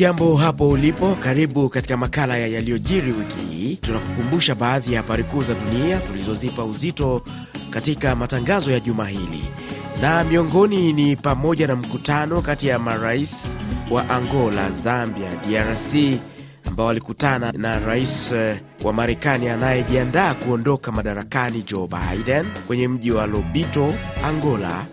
Hujambo hapo ulipo, karibu katika makala ya yaliyojiri wiki hii. Tunakukumbusha baadhi ya habari kuu za dunia tulizozipa uzito katika matangazo ya juma hili, na miongoni ni pamoja na mkutano kati ya marais wa Angola, Zambia, DRC ambao walikutana na rais eh, wa Marekani anayejiandaa kuondoka madarakani Joe Biden kwenye mji wa Lobito, Angola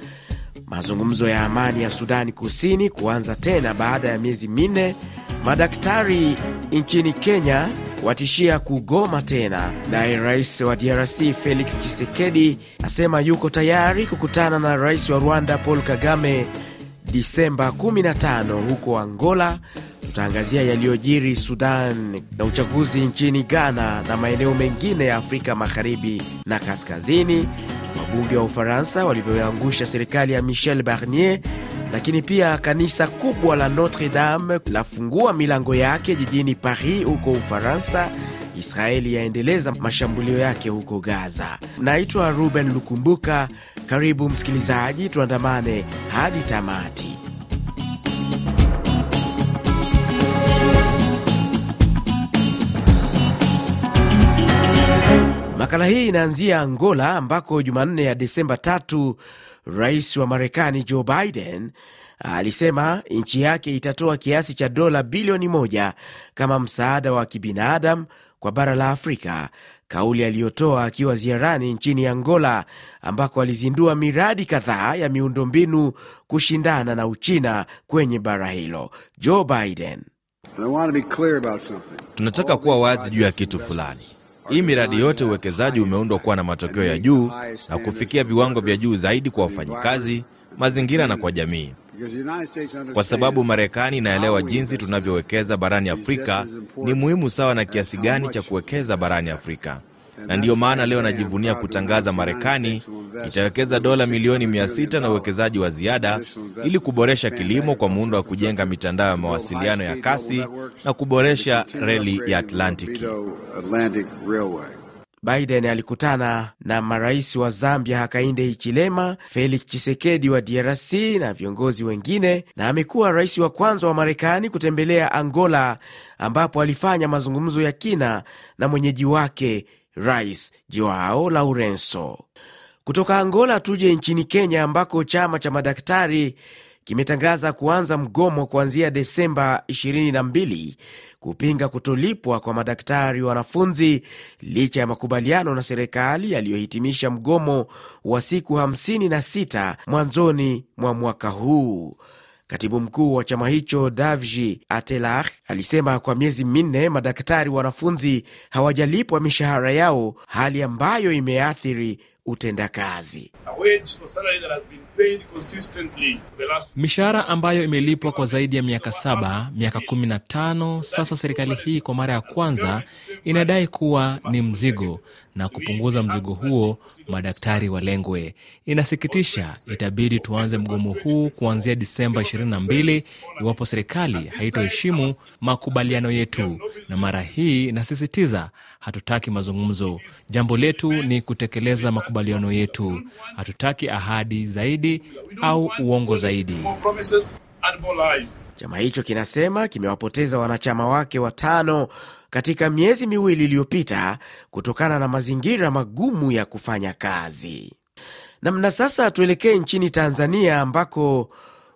mazungumzo ya amani ya Sudani Kusini kuanza tena baada ya miezi minne, madaktari nchini Kenya watishia kugoma tena. Naye rais wa DRC Felix Tshisekedi asema yuko tayari kukutana na rais wa Rwanda Paul Kagame Disemba 15 huko Angola Tutaangazia yaliyojiri Sudan na uchaguzi nchini Ghana na maeneo mengine ya Afrika magharibi na kaskazini, wabunge wa Ufaransa walivyoangusha serikali ya Michel Barnier, lakini pia kanisa kubwa la Notre Dame lafungua milango yake jijini Paris huko Ufaransa. Israeli yaendeleza mashambulio yake huko Gaza. Naitwa Ruben Lukumbuka. Karibu msikilizaji, tuandamane hadi tamati. Makala hii inaanzia Angola ambako Jumanne ya Desemba tatu, rais wa Marekani Joe Biden alisema nchi yake itatoa kiasi cha dola bilioni moja kama msaada wa kibinadamu kwa bara la Afrika, kauli aliyotoa akiwa ziarani nchini Angola ambako alizindua miradi kadhaa ya miundombinu kushindana na Uchina kwenye bara hilo. Joe Biden: tunataka kuwa wazi juu ya kitu fulani hii miradi yote uwekezaji umeundwa kuwa na matokeo ya juu na kufikia viwango vya juu zaidi kwa wafanyikazi, mazingira na kwa jamii, kwa sababu Marekani inaelewa jinsi tunavyowekeza barani Afrika ni muhimu sawa na kiasi gani cha kuwekeza barani Afrika na ndiyo maana leo anajivunia kutangaza Marekani itawekeza dola milioni 6 na uwekezaji wa ziada ili kuboresha kilimo kwa muundo wa kujenga mitandao ya mawasiliano ya kasi na kuboresha reli ya Atlantiki. Biden alikutana na marais wa Zambia Hakainde Hichilema, Felix Chisekedi wa DRC na viongozi wengine, na amekuwa rais wa kwanza wa Marekani kutembelea Angola, ambapo alifanya mazungumzo ya kina na mwenyeji wake Rais Joao Laurenso. Kutoka Angola tuje nchini Kenya ambako chama cha madaktari kimetangaza kuanza mgomo kuanzia Desemba 22 kupinga kutolipwa kwa madaktari wanafunzi licha ya makubaliano na serikali yaliyohitimisha mgomo wa siku 56 mwanzoni mwa mwaka huu. Katibu mkuu wa chama hicho Davji Atelah alisema kwa miezi minne madaktari wanafunzi hawajalipwa mishahara yao, hali ambayo imeathiri utendakazi. Mishahara ambayo imelipwa kwa zaidi ya miaka saba, miaka kumi na tano sasa, serikali hii kwa mara ya kwanza inadai kuwa ni mzigo na kupunguza mzigo huo madaktari walengwe. Inasikitisha, itabidi tuanze mgomo huu kuanzia Disemba 22 iwapo serikali haitoheshimu makubaliano yetu, na mara hii nasisitiza Hatutaki mazungumzo, jambo letu ni kutekeleza makubaliano yetu. Hatutaki ahadi zaidi au uongo zaidi. Chama hicho kinasema kimewapoteza wanachama wake watano katika miezi miwili iliyopita kutokana na mazingira magumu ya kufanya kazi. Namna sasa tuelekee nchini Tanzania ambako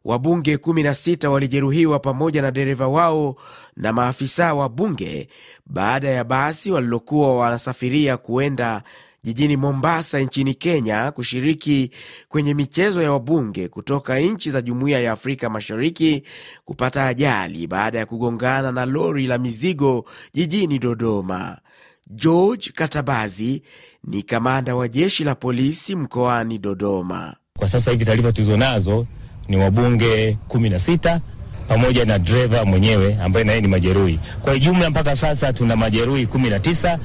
Wabunge 16 walijeruhiwa pamoja na dereva wao na maafisa wa bunge baada ya basi walilokuwa wanasafiria kuenda jijini Mombasa nchini Kenya kushiriki kwenye michezo ya wabunge kutoka nchi za Jumuiya ya Afrika Mashariki kupata ajali baada ya kugongana na lori la mizigo jijini Dodoma. George Katabazi ni kamanda wa jeshi la polisi mkoani Dodoma. Kwa sasa hivi taarifa tulizonazo ni wabunge kumi na sita pamoja na dreva mwenyewe ambaye naye ni majeruhi. Kwa jumla mpaka sasa tuna majeruhi kumi na tisa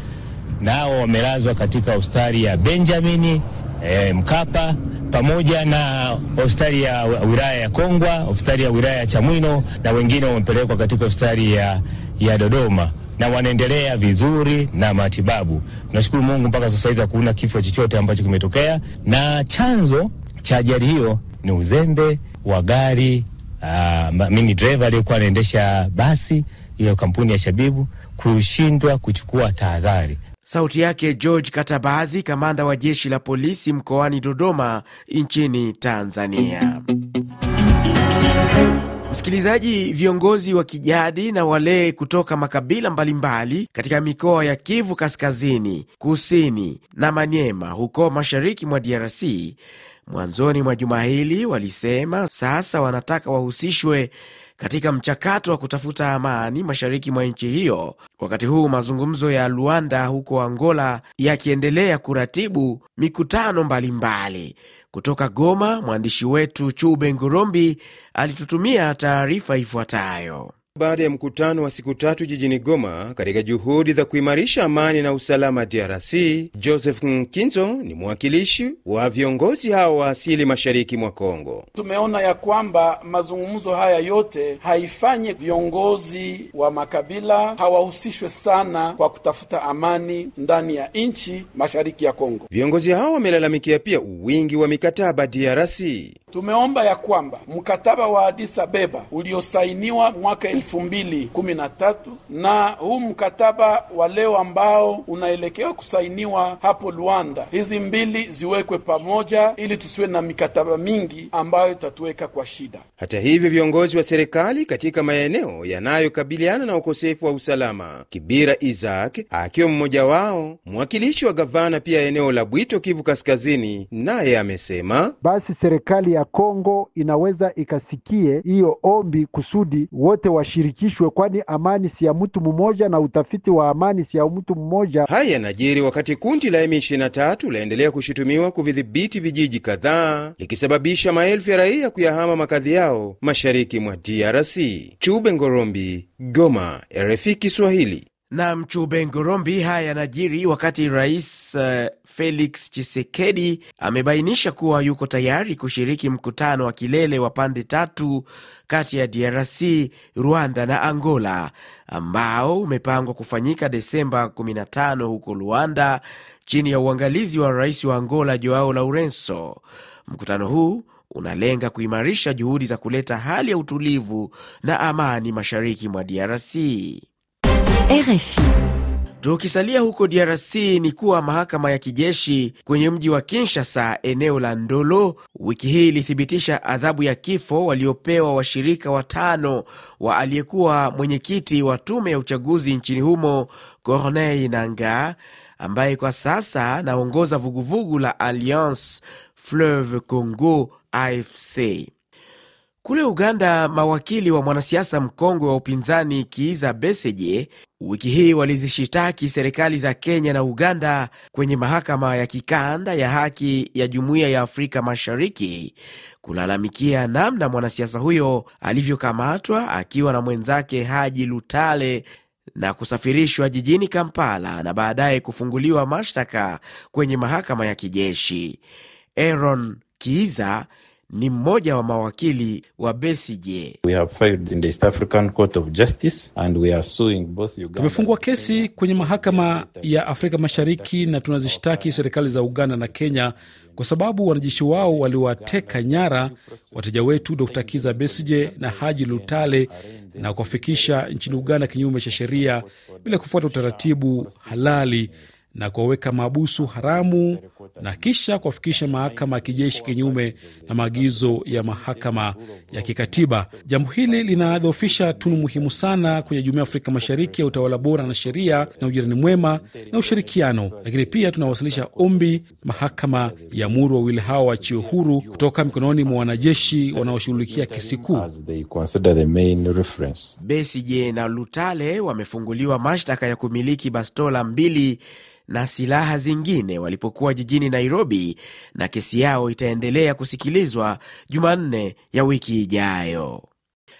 nao wamelazwa katika hospitali ya Benjamini e, eh, Mkapa pamoja na hospitali ya wilaya ya Kongwa, hospitali ya wilaya ya Chamwino na wengine wamepelekwa katika hospitali ya, ya Dodoma na wanaendelea vizuri na matibabu. Tunashukuru Mungu mpaka sasa hivi hakuna kifo chochote ambacho kimetokea, na chanzo cha ajali hiyo ni uzembe wa gari. Uh, mimi dreva aliyokuwa anaendesha basi hiyo kampuni ya Shabibu kushindwa kuchukua tahadhari. Sauti yake George Katabazi, kamanda wa jeshi la polisi mkoani Dodoma nchini Tanzania. Msikilizaji, viongozi wa kijadi na wale kutoka makabila mbalimbali katika mikoa ya Kivu Kaskazini, Kusini na Manyema huko mashariki mwa DRC Mwanzoni mwa juma hili walisema sasa wanataka wahusishwe katika mchakato wa kutafuta amani mashariki mwa nchi hiyo, wakati huu mazungumzo ya Luanda huko Angola yakiendelea kuratibu mikutano mbalimbali mbali. Kutoka Goma, mwandishi wetu Chube Ngurombi alitutumia taarifa ifuatayo. Baada ya mkutano wa siku tatu jijini Goma katika juhudi za kuimarisha amani na usalama DRC, Joseph Nkinzo ni mwakilishi wa viongozi hao wa asili mashariki mwa Kongo. Tumeona ya kwamba mazungumzo haya yote haifanye viongozi wa makabila hawahusishwe sana kwa kutafuta amani ndani ya nchi mashariki ya Kongo. Viongozi hao wamelalamikia pia uwingi wa mikataba DRC. Tumeomba ya kwamba mkataba wa Addis Abeba uliosainiwa mwaka elfu mbili kumi na tatu na huu mkataba wa leo ambao unaelekea kusainiwa hapo Luanda, hizi mbili ziwekwe pamoja ili tusiwe na mikataba mingi ambayo itatuweka kwa shida. Hata hivyo, viongozi wa serikali katika maeneo yanayokabiliana na ukosefu wa usalama, Kibira Isaac akiwa mmoja wao, mwakilishi wa gavana pia eneo la Bwito, Kivu Kaskazini, naye amesema basi serikali ya Kongo inaweza ikasikie hiyo ombi kusudi wote washirikishwe, kwani amani si ya mtu mmoja na utafiti wa amani si ya mtu mmoja. Haya yanajiri wakati kundi la M23 laendelea kushutumiwa kuvidhibiti vijiji kadhaa likisababisha maelfu ya raia kuyahama makazi yao mashariki mwa DRC. Chube Ngorombi, Goma, RFI Kiswahili. Nam Chube Ngorombi. Haya yanajiri wakati Rais uh, Felix Chisekedi amebainisha kuwa yuko tayari kushiriki mkutano wa kilele wa pande tatu kati ya DRC, Rwanda na Angola ambao umepangwa kufanyika Desemba 15 huko rwanda chini ya uangalizi wa Rais wa Angola Joao laurenso Mkutano huu unalenga kuimarisha juhudi za kuleta hali ya utulivu na amani mashariki mwa DRC. RFI. Tukisalia huko DRC ni kuwa mahakama ya kijeshi kwenye mji wa Kinshasa, eneo la Ndolo, wiki hii ilithibitisha adhabu ya kifo waliopewa washirika watano wa aliyekuwa mwenyekiti wa tume ya uchaguzi nchini humo Corneille Nangaa, ambaye kwa sasa anaongoza vuguvugu la Alliance Fleuve Congo AFC. Kule Uganda, mawakili wa mwanasiasa mkongwe wa upinzani Kiiza beseje wiki hii walizishitaki serikali za Kenya na Uganda kwenye mahakama ya kikanda ya haki ya Jumuiya ya Afrika Mashariki kulalamikia namna mwanasiasa huyo alivyokamatwa akiwa na mwenzake Haji Lutale na kusafirishwa jijini Kampala na baadaye kufunguliwa mashtaka kwenye mahakama ya kijeshi. Aaron Kiiza ni mmoja wa mawakili wa Besigye. Tumefungua kesi kwenye mahakama ya Afrika Mashariki na tunazishtaki serikali za Uganda na Kenya kwa sababu wanajeshi wao waliwateka nyara wateja wetu Dr Kiza Besije na Haji Lutale na kuwafikisha nchini Uganda kinyume cha sheria bila kufuata utaratibu halali na kuwaweka mabusu haramu na kisha kuwafikisha mahakama ya kijeshi kinyume na maagizo ya mahakama ya kikatiba. Jambo hili linadhoofisha tunu muhimu sana kwenye jumuiya ya Afrika Mashariki ya utawala bora na sheria na ujirani mwema na ushirikiano. Lakini pia tunawasilisha ombi mahakama ya muru wawili hawa waachiwe huru kutoka mikononi mwa wanajeshi wanaoshughulikia kesi kuu. Besigye na Lutale wamefunguliwa mashtaka ya kumiliki bastola mbili na silaha zingine walipokuwa jijini Nairobi, na kesi yao itaendelea kusikilizwa Jumanne ya wiki ijayo.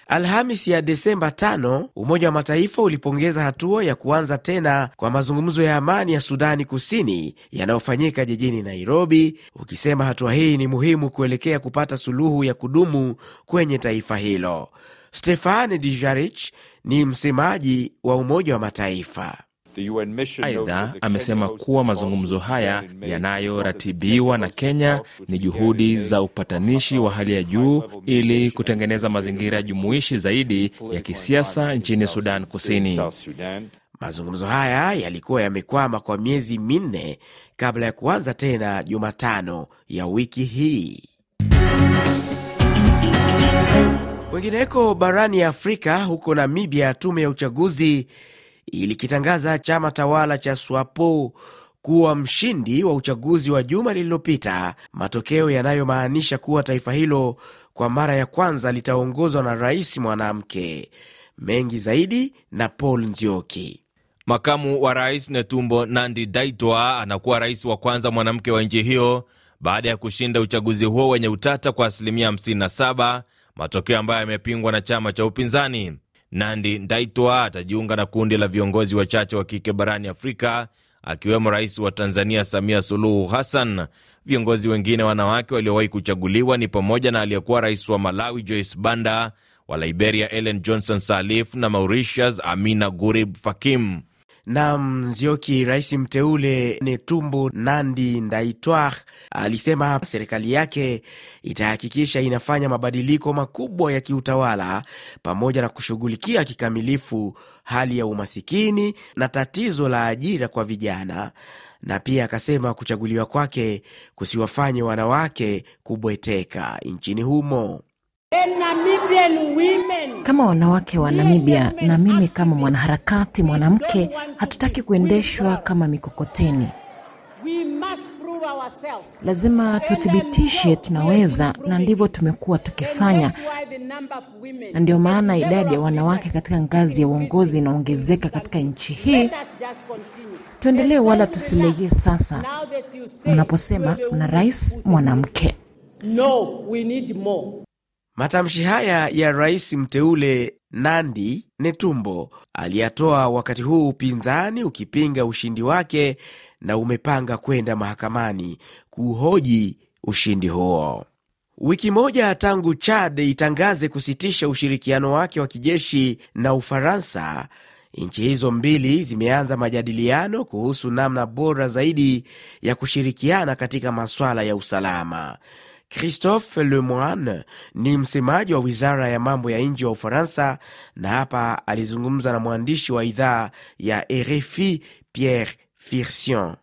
Alhamis ya Desemba 5 Umoja wa Mataifa ulipongeza hatua ya kuanza tena kwa mazungumzo ya amani ya Sudani Kusini yanayofanyika jijini Nairobi, ukisema hatua hii ni muhimu kuelekea kupata suluhu ya kudumu kwenye taifa hilo. Stefane Dijarich ni msemaji wa Umoja wa Mataifa. Aidha, amesema kuwa mazungumzo haya yanayoratibiwa na Kenya ni juhudi za upatanishi wa hali ya juu ili kutengeneza mazingira jumuishi zaidi ya kisiasa nchini Sudan Kusini. Mazungumzo haya yalikuwa yamekwama kwa miezi minne kabla ya kuanza tena Jumatano ya wiki hii. Kwengineko barani ya Afrika, huko Namibia, tume ya uchaguzi ilikitangaza chama tawala cha SWAPO kuwa mshindi wa uchaguzi wa juma lililopita, matokeo yanayomaanisha kuwa taifa hilo kwa mara ya kwanza litaongozwa na rais mwanamke. Mengi zaidi na Paul Nzioki. Makamu wa rais Netumbo Nandi Daitwa anakuwa rais wa kwanza mwanamke wa nchi hiyo baada ya kushinda uchaguzi huo wenye utata kwa asilimia 57, matokeo ambayo yamepingwa na chama cha upinzani. Nandi Ndaitwa atajiunga na kundi la viongozi wachache wa kike barani Afrika akiwemo rais wa Tanzania Samia Suluhu Hassan. Viongozi wengine wanawake waliowahi kuchaguliwa ni pamoja na aliyekuwa rais wa Malawi Joyce Banda, wa Liberia Ellen Johnson Sirleaf na Mauritius Amina Gurib Fakim. Nam Nzioki, rais mteule Netumbo Nandi Ndaitwah alisema serikali yake itahakikisha inafanya mabadiliko makubwa ya kiutawala pamoja na kushughulikia kikamilifu hali ya umasikini na tatizo la ajira kwa vijana, na pia akasema kuchaguliwa kwake kusiwafanye wanawake kubweteka nchini humo. Kama wanawake wa Namibia na mimi kama mwanaharakati mwanamke, hatutaki kuendeshwa kama mikokoteni. Lazima tuthibitishe tunaweza, na ndivyo tumekuwa tukifanya, na ndio maana idadi ya wanawake katika ngazi ya uongozi inaongezeka katika nchi hii. Tuendelee wala tusilegee. Sasa mnaposema mna rais mwanamke, no, we need more. Matamshi haya ya rais mteule Nandi Netumbo aliyatoa wakati huu upinzani ukipinga ushindi wake na umepanga kwenda mahakamani kuhoji ushindi huo. Wiki moja tangu Chad itangaze kusitisha ushirikiano wake wa kijeshi na Ufaransa, nchi hizo mbili zimeanza majadiliano kuhusu namna bora zaidi ya kushirikiana katika masuala ya usalama. Christophe Lemoine ni msemaji wa wizara ya mambo ya nje wa Ufaransa, na hapa alizungumza na mwandishi wa idhaa ya RFI Pierre Firsion.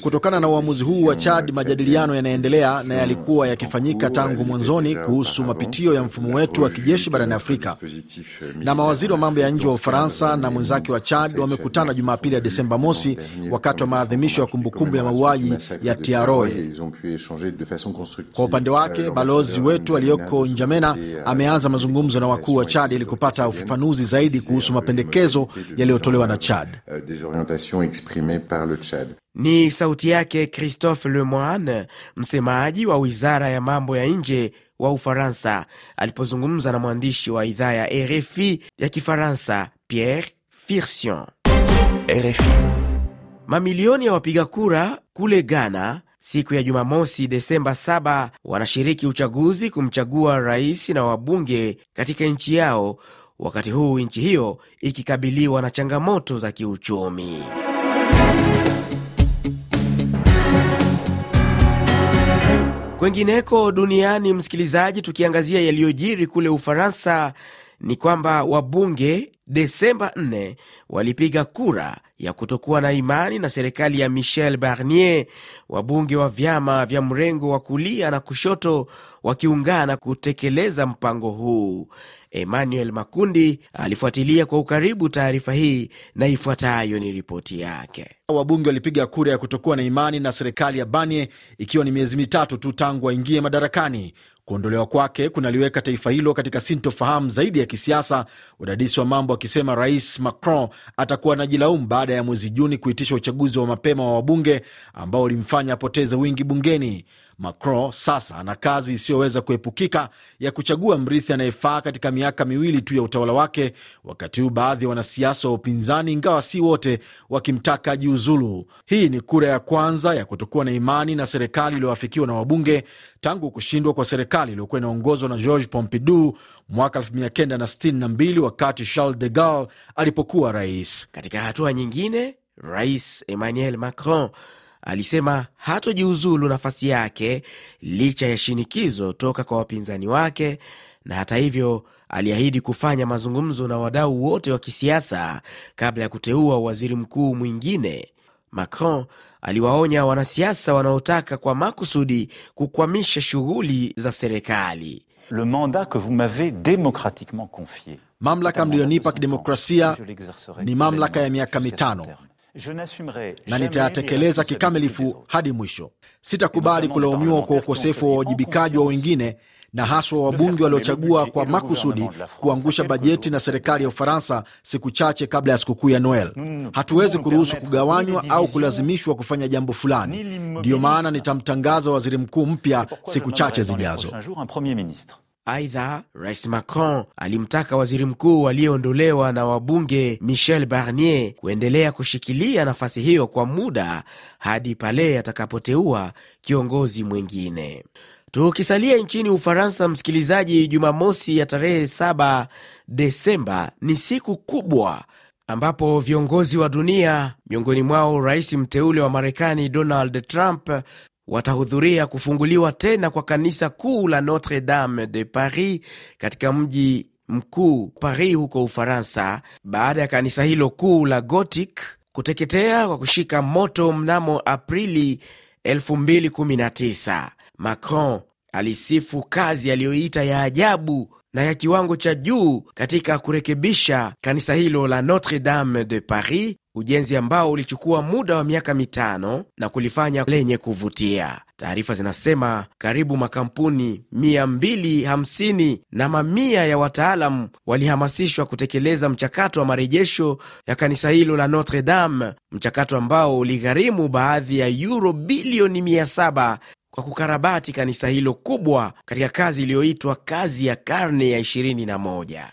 Kutokana na uamuzi huu wa Chad, majadiliano yanaendelea na yalikuwa yakifanyika tangu mwanzoni kuhusu mapitio ya mfumo wetu wa kijeshi barani Afrika, na mawaziri wa mambo ya nje wa Ufaransa na mwenzake wa Chad wamekutana Jumapili ya Desemba mosi wakati wa maadhimisho ya kumbukumbu ya mauaji ya Tiaroe. Kwa upande wake, euh, balozi wetu aliyoko Njamena ameanza mazungumzo na wakuu wa Chad ili kupata ufafanuzi zaidi kuhusu mapendekezo yaliyotolewa na Chad. Euh, exprimée par le Tchad. Ni sauti yake Christophe Lemoine, msemaji wa wizara ya mambo ya nje wa Ufaransa, alipozungumza na mwandishi wa idhaa ya RFI ya Kifaransa, Pierre Firsion. RFI. Mamilioni ya wapiga kura kule Ghana siku ya Jumamosi, Desemba 7 wanashiriki uchaguzi kumchagua rais na wabunge katika nchi yao, wakati huu nchi hiyo ikikabiliwa na changamoto za kiuchumi. Kwengineko duniani, msikilizaji, tukiangazia yaliyojiri kule Ufaransa ni kwamba wabunge Desemba 4 walipiga kura ya kutokuwa na imani na serikali ya Michel Barnier, wabunge wa vyama vya mrengo wa kulia na kushoto wakiungana kutekeleza mpango huu. Emmanuel Makundi alifuatilia kwa ukaribu taarifa hii na ifuatayo ni ripoti yake. Wabunge walipiga kura ya kutokuwa na imani na serikali ya Banie ikiwa ni miezi mitatu tu tangu aingie madarakani. Kuondolewa kwake kunaliweka taifa hilo katika sintofahamu zaidi ya kisiasa, wadadisi wa mambo akisema Rais Macron atakuwa na jilaumu baada ya mwezi Juni kuitisha uchaguzi wa mapema wa wabunge ambao ulimfanya apoteze wingi bungeni. Macron sasa ana kazi isiyoweza kuepukika ya kuchagua mrithi anayefaa katika miaka miwili tu ya utawala wake, wakati huu baadhi ya wanasiasa wa upinzani, ingawa si wote, wakimtaka jiuzulu Hii ni kura ya kwanza ya kutokuwa na imani na serikali iliyoafikiwa na wabunge tangu kushindwa kwa serikali iliyokuwa inaongozwa na george Pompidou mwaka 1962 wakati Charles de Gaulle alipokuwa rais. Katika hatua nyingine, Rais Emmanuel Macron alisema hatojiuzulu nafasi yake licha ya shinikizo toka kwa wapinzani wake, na hata hivyo aliahidi kufanya mazungumzo na wadau wote wa kisiasa kabla ya kuteua waziri mkuu mwingine. Macron aliwaonya wanasiasa wanaotaka kwa makusudi kukwamisha shughuli za serikali. Le mandat que vous m'avez démocratiquement confié mamlaka mliyonipa kidemokrasia ni mamlaka ya miaka mitano na nitayatekeleza kikamilifu hadi mwisho. Sitakubali kulaumiwa kwa ukosefu wa uwajibikaji wa wengine na haswa wabunge waliochagua kwa makusudi kuangusha bajeti na serikali ya Ufaransa siku chache kabla ya sikukuu ya Noel. Hatuwezi kuruhusu kugawanywa au kulazimishwa kufanya jambo fulani. Ndiyo maana nitamtangaza waziri mkuu mpya siku chache zijazo. Aidha, Rais Macron alimtaka waziri mkuu aliyeondolewa na wabunge Michel Barnier kuendelea kushikilia nafasi hiyo kwa muda hadi pale atakapoteua kiongozi mwingine. Tukisalia nchini Ufaransa, msikilizaji, Jumamosi ya tarehe 7 Desemba ni siku kubwa ambapo viongozi wa dunia miongoni mwao rais mteule wa Marekani Donald Trump watahudhuria kufunguliwa tena kwa kanisa kuu la Notre Dame de Paris katika mji mkuu Paris huko Ufaransa, baada ya kanisa hilo kuu la Gothic kuteketea kwa kushika moto mnamo Aprili 2019. Macron alisifu kazi aliyoita ya ajabu na ya kiwango cha juu katika kurekebisha kanisa hilo la Notre Dame de Paris ujenzi ambao ulichukua muda wa miaka mitano na kulifanya lenye kuvutia. Taarifa zinasema karibu makampuni 250 na mamia ya wataalam walihamasishwa kutekeleza mchakato wa marejesho ya kanisa hilo la Notre Dame, mchakato ambao uligharimu baadhi ya yuro bilioni 700 kwa kukarabati kanisa hilo kubwa katika kazi iliyoitwa kazi ya karne ya 21.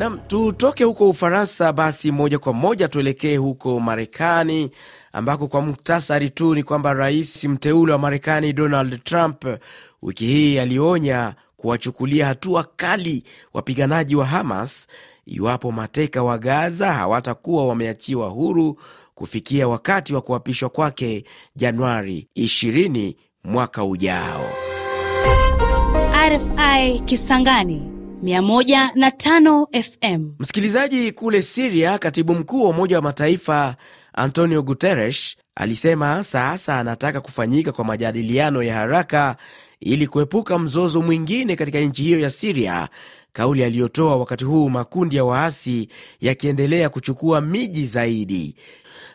Nam, tutoke huko Ufaransa basi moja kwa moja tuelekee huko Marekani, ambako kwa muktasari tu ni kwamba rais mteule wa Marekani Donald Trump wiki hii alionya kuwachukulia hatua kali wapiganaji wa Hamas iwapo mateka wa Gaza hawatakuwa wameachiwa huru kufikia wakati wa kuapishwa kwake Januari 20 mwaka ujao. RFI Kisangani 105 FM. Msikilizaji, kule Siria, katibu mkuu wa Umoja wa Mataifa Antonio Guterres alisema sasa anataka kufanyika kwa majadiliano ya haraka ili kuepuka mzozo mwingine katika nchi hiyo ya Siria, kauli aliyotoa wakati huu makundi ya waasi yakiendelea kuchukua miji zaidi.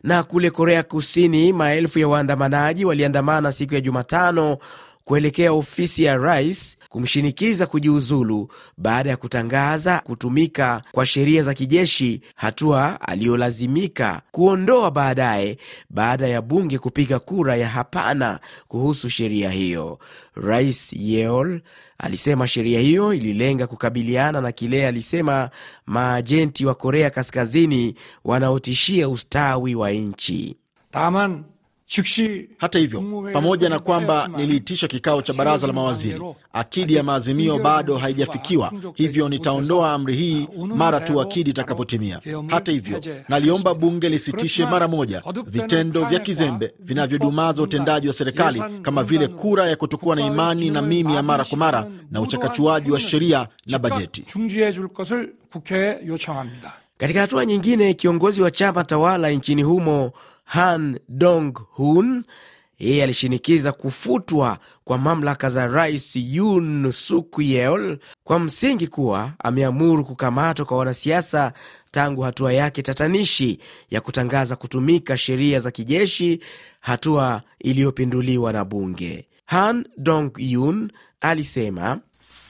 Na kule Korea Kusini, maelfu ya waandamanaji waliandamana siku ya Jumatano kuelekea ofisi ya rais kumshinikiza kujiuzulu baada ya kutangaza kutumika kwa sheria za kijeshi, hatua aliyolazimika kuondoa baadaye baada ya bunge kupiga kura ya hapana kuhusu sheria hiyo. Rais Yeol alisema sheria hiyo ililenga kukabiliana na kile alisema maajenti wa Korea Kaskazini wanaotishia ustawi wa nchi. Hata hivyo, pamoja na kwamba niliitisha kikao cha baraza la mawaziri, akidi ya maazimio bado haijafikiwa, hivyo nitaondoa amri hii mara tu akidi itakapotimia. Hata hivyo, naliomba bunge lisitishe mara moja vitendo vya kizembe vinavyodumaza utendaji wa serikali kama vile kura ya kutokuwa na imani na mimi ya mara kwa mara na uchakachuaji wa sheria na bajeti. Katika hatua nyingine, kiongozi wa chama tawala nchini humo Han Dong-hun. Yeye alishinikiza kufutwa kwa mamlaka za Rais yun Suk Yeol kwa msingi kuwa ameamuru kukamatwa kwa wanasiasa tangu hatua yake tatanishi ya kutangaza kutumika sheria za kijeshi, hatua iliyopinduliwa na bunge. Han Dong-yun alisema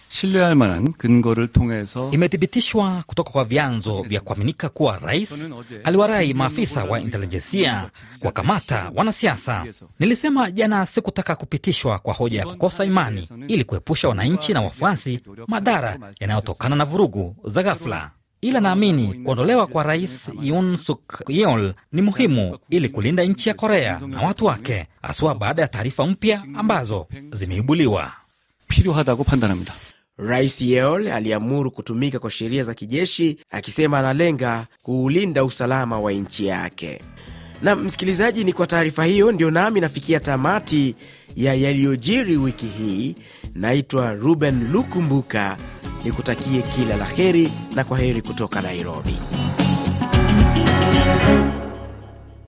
신뢰할 만한 근거를 통해서 imethibitishwa kutoka kwa vyanzo vya kuaminika kuwa rais aliwarai maafisa wa intelijensia kuwakamata wanasiasa. Nilisema jana sikutaka kupitishwa kwa hoja ya kukosa imani ili kuepusha wananchi na wafuasi madhara yanayotokana na vurugu za ghafla ila naamini kuondolewa kwa rais Yoon Suk Yeol ni muhimu ili kulinda nchi ya Korea na watu wake, haswa baada ya taarifa mpya ambazo zimeibuliwa 필요하다고 판단합니다. Rais Yeol aliamuru kutumika kwa sheria za kijeshi, akisema analenga kuulinda usalama wa nchi yake. Na msikilizaji, ni kwa taarifa hiyo ndio nami nafikia tamati ya yaliyojiri wiki hii. Naitwa Ruben Lukumbuka, nikutakie kila la heri na kwa heri kutoka Nairobi.